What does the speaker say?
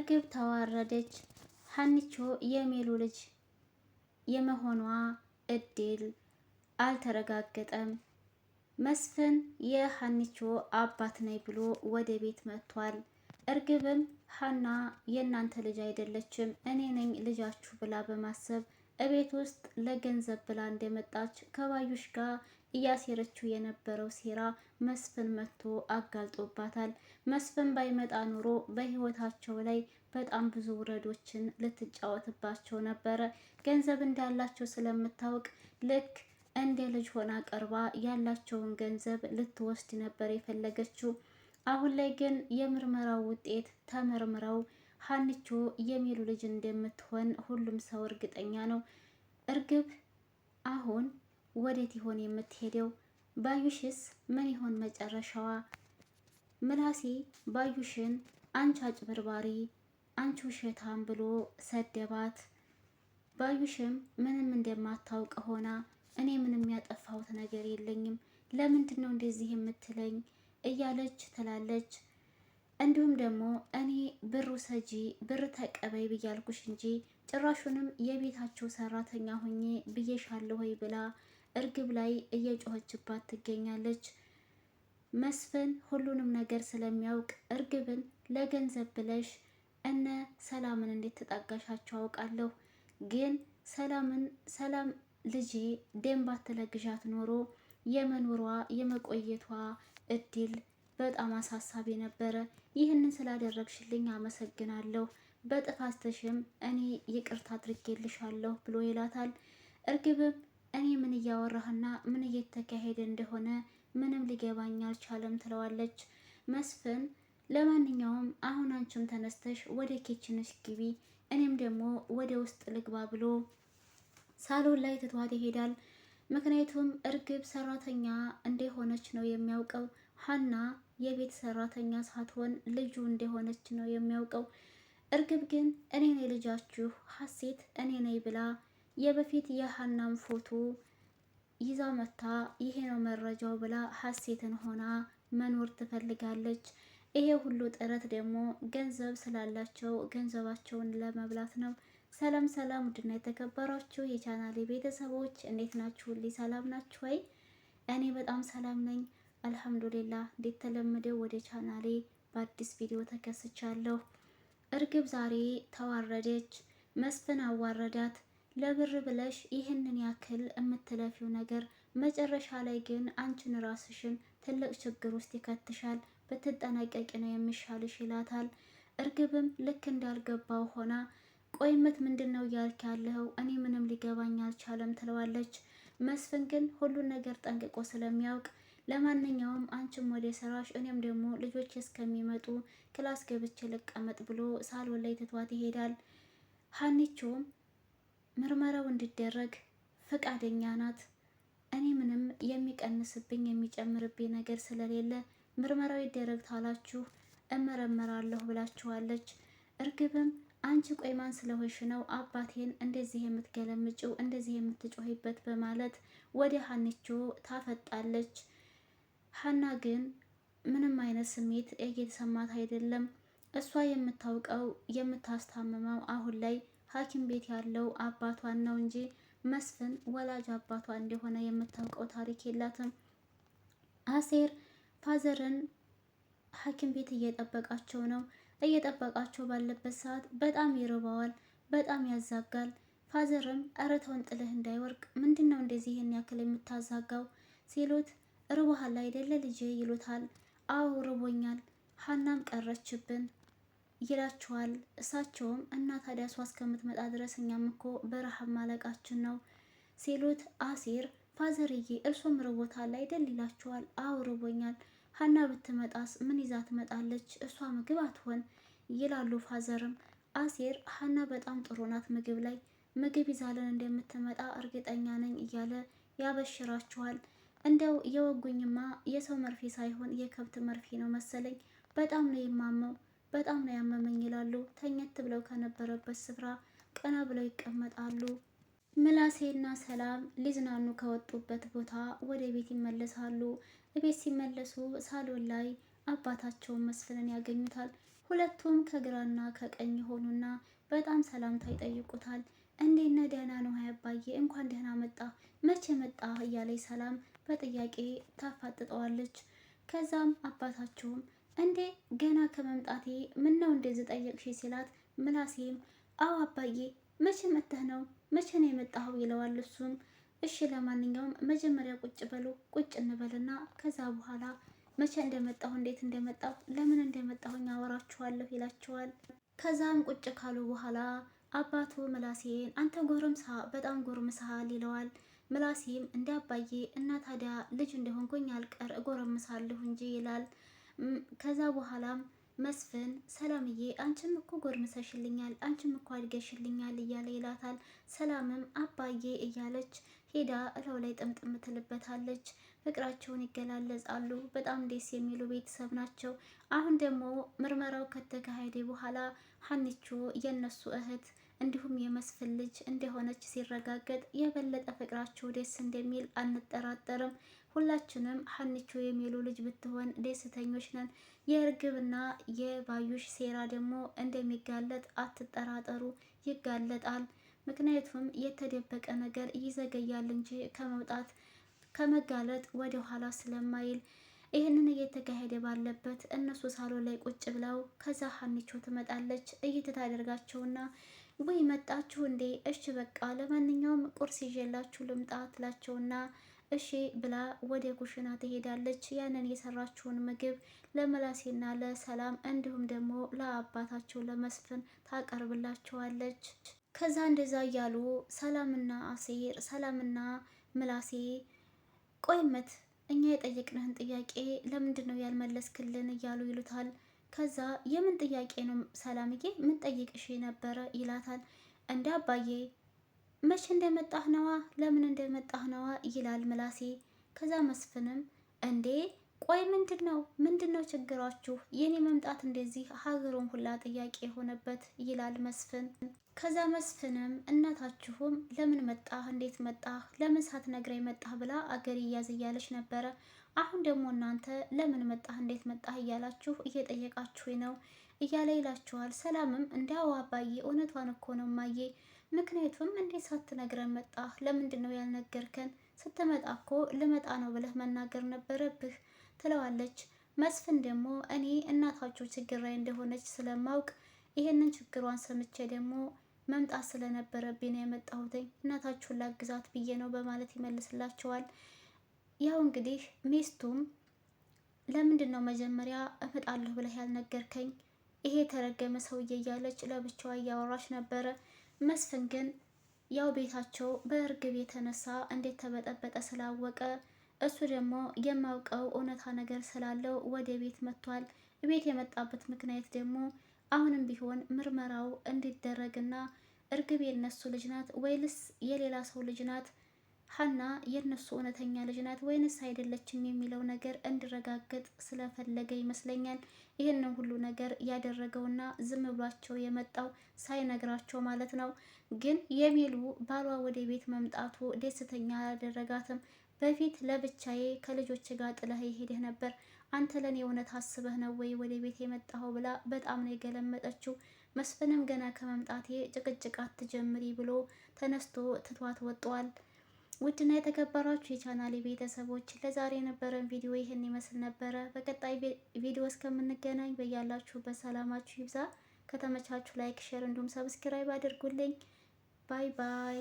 እርግብ ተዋረደች። ሀኒቾ የሜሉ ልጅ የመሆኗ እድል አልተረጋገጠም። መስፍን የሀኒቾ አባት ነኝ ብሎ ወደ ቤት መጥቷል። እርግብም ሀና የእናንተ ልጅ አይደለችም እኔ ነኝ ልጃችሁ ብላ በማሰብ እቤት ውስጥ ለገንዘብ ብላ እንደመጣች ከባዩሽ ጋር እያሴረችው የነበረው ሴራ መስፍን መጥቶ አጋልጦባታል። መስፍን ባይመጣ ኑሮ በህይወታቸው ላይ በጣም ብዙ ውረዶችን ልትጫወትባቸው ነበረ። ገንዘብ እንዳላቸው ስለምታውቅ ልክ እንደ ልጅ ሆና ቀርባ ያላቸውን ገንዘብ ልትወስድ ነበር የፈለገችው። አሁን ላይ ግን የምርመራው ውጤት ተመርምረው ሀንቾ የሚሉ ልጅ እንደምትሆን ሁሉም ሰው እርግጠኛ ነው። እርግብ አሁን ወዴት ይሆን የምትሄደው? ባዩሽስ ምን ይሆን መጨረሻዋ? ምላሴ ባዩሽን አንቺ አጭበርባሪ፣ አንቺ ውሸታም ብሎ ሰደባት። ባዩሽም ምንም እንደማታውቅ ሆና እኔ ምንም ያጠፋሁት ነገር የለኝም ለምንድን ነው እንደዚህ የምትለኝ? እያለች ትላለች። እንዲሁም ደግሞ እኔ ብር ሰጂ ብር ተቀበይ ብያልኩሽ እንጂ ጭራሹንም የቤታቸው ሰራተኛ ሆኜ ብዬሻለሁ ወይ ብላ እርግብ ላይ እየጮኸችባት ትገኛለች። መስፍን ሁሉንም ነገር ስለሚያውቅ እርግብን ለገንዘብ ብለሽ እነ ሰላምን እንዴት ተጣጋሻቸው አውቃለሁ፣ ግን ሰላምን ሰላም ልጄ ደንብ አትለግዣት ኖሮ የመኖሯ የመቆየቷ እድል በጣም አሳሳቢ ነበረ። ይህንን ስላደረግሽልኝ አመሰግናለሁ፣ በጥፋትሽም እኔ ይቅርታ አድርጌልሻለሁ ብሎ ይላታል። እርግብም እኔ ምን እያወራህና ምን እየተካሄደ እንደሆነ ምንም ሊገባኝ አልቻለም ትለዋለች። መስፍን ለማንኛውም አሁን አንቺም ተነስተሽ ወደ ኬችንሽ ግቢ፣ እኔም ደግሞ ወደ ውስጥ ልግባ ብሎ ሳሎን ላይ ትቷት ይሄዳል። ምክንያቱም እርግብ ሰራተኛ እንደሆነች ነው የሚያውቀው ሀና የቤት ሰራተኛ ሳትሆን ልጁ እንደሆነች ነው የሚያውቀው። እርግብ ግን እኔ ነኝ ልጃችሁ ሀሴት እኔ ነኝ ብላ የበፊት የሀናም ፎቶ ይዛ መታ ይሄ ነው መረጃው ብላ ሀሴትን ሆና መኖር ትፈልጋለች። ይሄ ሁሉ ጥረት ደግሞ ገንዘብ ስላላቸው ገንዘባቸውን ለመብላት ነው። ሰላም ሰላም፣ ውድና የተከበራችሁ የቻናሌ ቤተሰቦች እንዴት ናችሁ? ሁሌ ሰላም ናችሁ ወይ? እኔ በጣም ሰላም ነኝ። እንዴት እንደተለመደው ወደ ቻናሌ በአዲስ ቪዲዮ ተከስቻለሁ። እርግብ ዛሬ ተዋረደች። መስፍን አዋረዳት። ለብር ብለሽ ይህንን ያክል የምትለፊው ነገር መጨረሻ ላይ ግን አንቺን ራስሽን ትልቅ ችግር ውስጥ ይከትሻል፣ ብትጠነቀቂ ነው የሚሻልሽ ይላታል። እርግብም ልክ እንዳልገባው ሆና ቆይመት ምት ምንድን ነው እያልክ ያለኸው? እኔ ምንም ሊገባኝ አልቻለም ትለዋለች። መስፍን ግን ሁሉን ነገር ጠንቅቆ ስለሚያውቅ ለማንኛውም አንቺም ወደ ስራሽ፣ እኔም ደግሞ ልጆች እስከሚመጡ ክላስ ገብቼ ልቀመጥ ብሎ ሳሎን ላይ ትቷት ይሄዳል። ሀኒቾም ምርመራው እንዲደረግ ፈቃደኛ ናት። እኔ ምንም የሚቀንስብኝ የሚጨምርብኝ ነገር ስለሌለ ምርመራው ይደረግ ታላችሁ እመረመራለሁ ብላችኋለች። እርግብም አንቺ ቆይ ማን ስለሆንሽ ነው አባቴን እንደዚህ የምትገለምጭው እንደዚህ የምትጮህበት? በማለት ወደ ሀኒቾ ታፈጣለች። ሀና ግን ምንም አይነት ስሜት እየተሰማት አይደለም። እሷ የምታውቀው የምታስታምመው አሁን ላይ ሐኪም ቤት ያለው አባቷን ነው እንጂ መስፍን ወላጅ አባቷ እንደሆነ የምታውቀው ታሪክ የላትም። አሴር ፋዘርን ሐኪም ቤት እየጠበቃቸው ነው። እየጠበቃቸው ባለበት ሰዓት በጣም ይርበዋል፣ በጣም ያዛጋል። ፋዘርም እረተውን ጥልህ እንዳይወርቅ ምንድን ነው እንደዚህ ይህን ያክል የምታዛጋው ሲሉት ርቦሃል አይደለ ልጄ ይሉታል። አዎ ርቦኛል፣ ሀናም ቀረችብን ይላችኋል። እሳቸውም እና ታዲያ እሷ እስከምትመጣ ድረስ እኛም እኮ በረሃብ ማለቃችን ነው ሲሉት አሲር ፋዘርዬ እርሶም ርቦታል አይደል ይላችኋል። አዎ ርቦኛል፣ ሀና ብትመጣስ ምን ይዛ ትመጣለች? እሷ ምግብ አትሆን ይላሉ ፋዘርም አሴር ሀና በጣም ጥሩ ናት ምግብ ላይ ምግብ ይዛለን እንደምትመጣ እርግጠኛ ነኝ እያለ ያበሽራችኋል። እንደው የወጉኝማ የሰው መርፌ ሳይሆን የከብት መርፌ ነው መሰለኝ። በጣም ነው የማመው፣ በጣም ነው ያመመኝ ይላሉ። ተኘት ብለው ከነበረበት ስፍራ ቀና ብለው ይቀመጣሉ። ምላሴና ሰላም ሊዝናኑ ከወጡበት ቦታ ወደ ቤት ይመለሳሉ። ቤት ሲመለሱ ሳሎን ላይ አባታቸውን መስፍንን ያገኙታል። ሁለቱም ከግራና ከቀኝ ሆኑና በጣም ሰላምታ ይጠይቁታል። እንዴነ ደህና ነው አባዬ፣ እንኳን ደህና መጣ፣ መቼ መጣ እያለች ሰላም በጥያቄ ታፋጥጠዋለች። ከዛም አባታቸውም እንዴ ገና ከመምጣቴ ምን ነው እንደዚህ ጠየቅሽ ሲላት፣ ምላሴም አዎ አባዬ፣ መቼ መጥተህ ነው መቼ ነው የመጣኸው ይለዋል። እሱም እሺ ለማንኛውም መጀመሪያ ቁጭ በሉ ቁጭ እንበልና ከዛ በኋላ መቼ እንደመጣሁ እንዴት እንደመጣሁ ለምን እንደመጣሁኝ አወራችኋለሁ ይላቸዋል። ከዛም ቁጭ ካሉ በኋላ አባቱ ምላሴን አንተ ጎረምሳ በጣም ጎርምሳል ይለዋል። ምላሴም እንደ አባዬ እና ታዲያ ልጅ እንደሆንኩኝ አልቀር እጎረምሳለሁ እንጂ ይላል። ከዛ በኋላም መስፍን ሰላምዬ አንቺም እኮ ጎርምሰሽልኛል፣ አንቺም እኮ አድገሽልኛል እያለ ይላታል። ሰላምም አባዬ እያለች ሄዳ እለው ላይ ጥምጥም ትልበታለች። ፍቅራቸውን ይገላለጻሉ። በጣም ደስ የሚሉ ቤተሰብ ናቸው። አሁን ደግሞ ምርመራው ከተካሄደ በኋላ ሀኒቾ የነሱ እህት እንዲሁም የመስፍን ልጅ እንደሆነች ሲረጋገጥ የበለጠ ፍቅራቸው ደስ እንደሚል አንጠራጠርም። ሁላችንም ሀኒቾ የሚሉ ልጅ ብትሆን ደስተኞች ነን። የእርግብና የባዩሽ ሴራ ደግሞ እንደሚጋለጥ አትጠራጠሩ፣ ይጋለጣል። ምክንያቱም የተደበቀ ነገር ይዘገያል እንጂ ከመውጣት ከመጋለጥ ወደ ኋላ ስለማይል ይህንን እየተካሄደ ባለበት እነሱ ሳሎን ላይ ቁጭ ብለው ከዛ ሀኒቾ ትመጣለች። እየተታደርጋቸውና ወይ መጣችሁ እንዴ? እሺ በቃ ለማንኛውም ቁርስ ይዤላችሁ ልምጣ ትላቸውና እሺ ብላ ወደ ኩሽና ትሄዳለች። ያንን የሰራችውን ምግብ ለመላሴና ለሰላም እንዲሁም ደግሞ ለአባታቸው ለመስፍን ታቀርብላቸዋለች። ከዛ እንደዛ እያሉ ሰላምና አሴር ሰላምና ምላሴ ቆይመት እኛ የጠየቅንህን ጥያቄ ለምንድን ነው ያልመለስክልን? እያሉ ይሉታል። ከዛ የምን ጥያቄ ነው ሰላምዬ፣ ምን ጠይቅሽ ነበረ? ይላታል። እንደ አባዬ መቼ እንደመጣህ ነዋ፣ ለምን እንደመጣህ ነዋ ይላል ምላሴ። ከዛ መስፍንም እንዴ ቆይ ምንድን ነው ምንድን ነው ችግራችሁ? የኔ መምጣት እንደዚህ ሀገሩን ሁላ ጥያቄ የሆነበት ይላል መስፍን። ከዛ መስፍንም እናታችሁም ለምን መጣህ፣ እንዴት መጣህ፣ ለምን ሳትነግረኝ መጣህ ብላ አገር እያዝ እያለች ነበረ። አሁን ደግሞ እናንተ ለምን መጣህ፣ እንዴት መጣህ እያላችሁ እየጠየቃችሁ ነው እያለ ይላችኋል። ሰላምም እንዲያው አባዬ እውነቷን እኮ ነው ማዬ፣ ምክንያቱም እንዴት ሳትነግረን መጣህ፣ ለምንድን ነው ያልነገርከን? ስትመጣ እኮ ልመጣ ነው ብለህ መናገር ነበረብህ ትለዋለች። መስፍን ደግሞ እኔ እናታቸው ችግር ላይ እንደሆነች ስለማውቅ ይሄንን ችግሯን ሰምቼ ደግሞ መምጣት ስለነበረብኝ ነው የመጣሁትኝ እናታችሁን ላግዛት ብዬ ነው በማለት ይመልስላቸዋል። ያው እንግዲህ ሚስቱም ለምንድን ነው መጀመሪያ እመጣለሁ ብለህ ያልነገርከኝ? ይሄ የተረገመ ሰውዬ እያለች ለብቻዋ እያወራች ነበረ። መስፍን ግን ያው ቤታቸው በእርግብ የተነሳ እንዴት ተበጠበጠ ስላወቀ እሱ ደግሞ የማውቀው እውነታ ነገር ስላለው ወደ ቤት መጥቷል። ቤት የመጣበት ምክንያት ደግሞ አሁንም ቢሆን ምርመራው እንዲደረግና እርግብ የነሱ ልጅ ናት ወይንስ የሌላ ሰው ልጅ ናት፣ ሀና የነሱ እውነተኛ ልጅ ናት ወይንስ አይደለችም የሚለው ነገር እንዲረጋገጥ ስለፈለገ ይመስለኛል ይህንን ሁሉ ነገር ያደረገውና ዝም ብሏቸው የመጣው ሳይነግራቸው ማለት ነው። ግን የሚሉ ባሏ ወደ ቤት መምጣቱ ደስተኛ አላደረጋትም። በፊት ለብቻዬ ከልጆች ጋር ጥለህ ይሄድህ ነበር። አንተ ለኔ እውነት አስበህ ነው ወይ ወደ ቤት የመጣኸው? ብላ በጣም ነው የገለመጠችው። መስፍንም ገና ከመምጣቴ ጭቅጭቅ አትጀምሪ ብሎ ተነስቶ ትቷት ወጥቷል። ውድና የተከበራችሁ የቻናሌ ቤተሰቦች ለዛሬ የነበረን ቪዲዮ ይህን ይመስል ነበረ። በቀጣይ ቪዲዮ እስከምንገናኝ በያላችሁበት ሰላማችሁ ይብዛ። ከተመቻችሁ ላይክ፣ ሼር እንዲሁም ሰብስክራይብ አድርጉልኝ። ባይ ባይ።